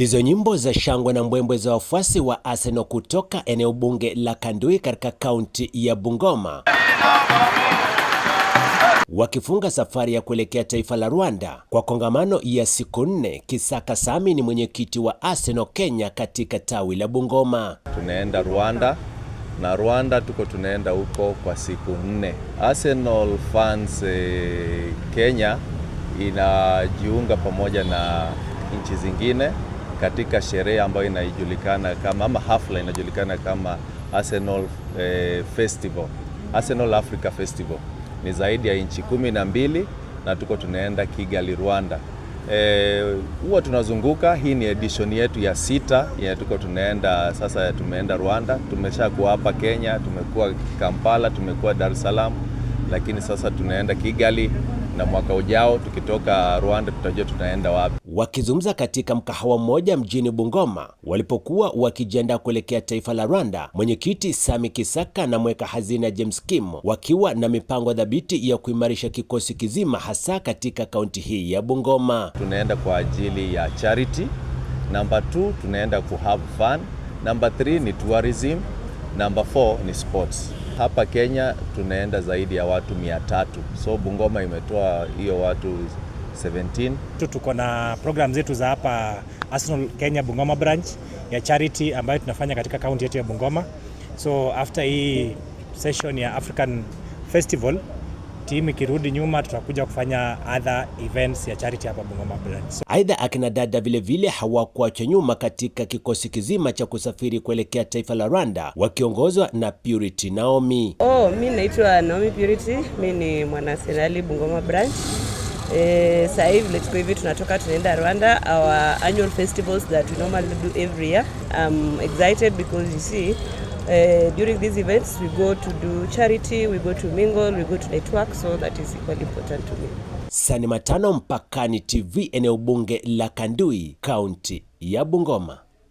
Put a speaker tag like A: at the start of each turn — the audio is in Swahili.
A: Ndizo nyimbo za shangwe na mbwembwe za wafuasi wa Arsenal kutoka eneo bunge la Kandui katika kaunti ya Bungoma wakifunga safari ya kuelekea taifa la Rwanda kwa kongamano ya siku nne. Kisaka Sami ni mwenyekiti wa Arsenal Kenya katika tawi la Bungoma.
B: Tunaenda Rwanda na Rwanda tuko tunaenda huko kwa siku nne. Arsenal fans eh, Kenya inajiunga pamoja na nchi zingine katika sherehe ambayo inajulikana kama ama hafla inajulikana kama Arsenal eh, Festival, Arsenal Africa Festival. Ni zaidi ya nchi kumi na mbili na tuko tunaenda Kigali, Rwanda eh, huwa e, tunazunguka. Hii ni edition yetu ya sita ya tuko tunaenda sasa, tumeenda Rwanda, tumeshakuwa hapa Kenya, tumekuwa Kampala, tumekuwa Dar es Salaam, lakini sasa tunaenda Kigali na mwaka ujao tukitoka Rwanda tutajua tunaenda wapi.
A: Wakizungumza katika mkahawa mmoja mjini Bungoma walipokuwa wakijiandaa kuelekea taifa la Rwanda, mwenyekiti Sami Kisaka na mweka hazina James Kim wakiwa na mipango dhabiti ya kuimarisha kikosi kizima hasa katika kaunti hii ya Bungoma.
B: Tunaenda kwa ajili ya charity, namba 2 tunaenda ku have fun, namba 3 ni tourism, namba 4 ni sports hapa Kenya tunaenda zaidi ya watu mia tatu, so Bungoma imetoa hiyo watu 17. Tuko na program zetu za hapa Arsenal Kenya Bungoma branch ya charity ambayo tunafanya katika kaunti yetu ya Bungoma. So after hii session ya African Festival team ikirudi nyuma tutakuja kufanya other events ya charity hapa Bungoma So,
A: Aidha, akina dada vilevile hawakuachwa nyuma katika kikosi kizima cha kusafiri kuelekea taifa la Rwanda wakiongozwa na Purity Naomi.
C: Oh, mimi naitwa Naomi Purity, mimi ni mwanaserali Bungoma Branch. Eh, sasa hivi let's go hivi tunatoka tunaenda Rwanda, our annual festivals that we normally do every year. I'm excited because you see uh, during these events we go to do charity, we go to mingle, we go to network, so that is equally important to me.
A: Sani Matano, Mpakani TV, eneo bunge la Kandui, kaunti ya Bungoma.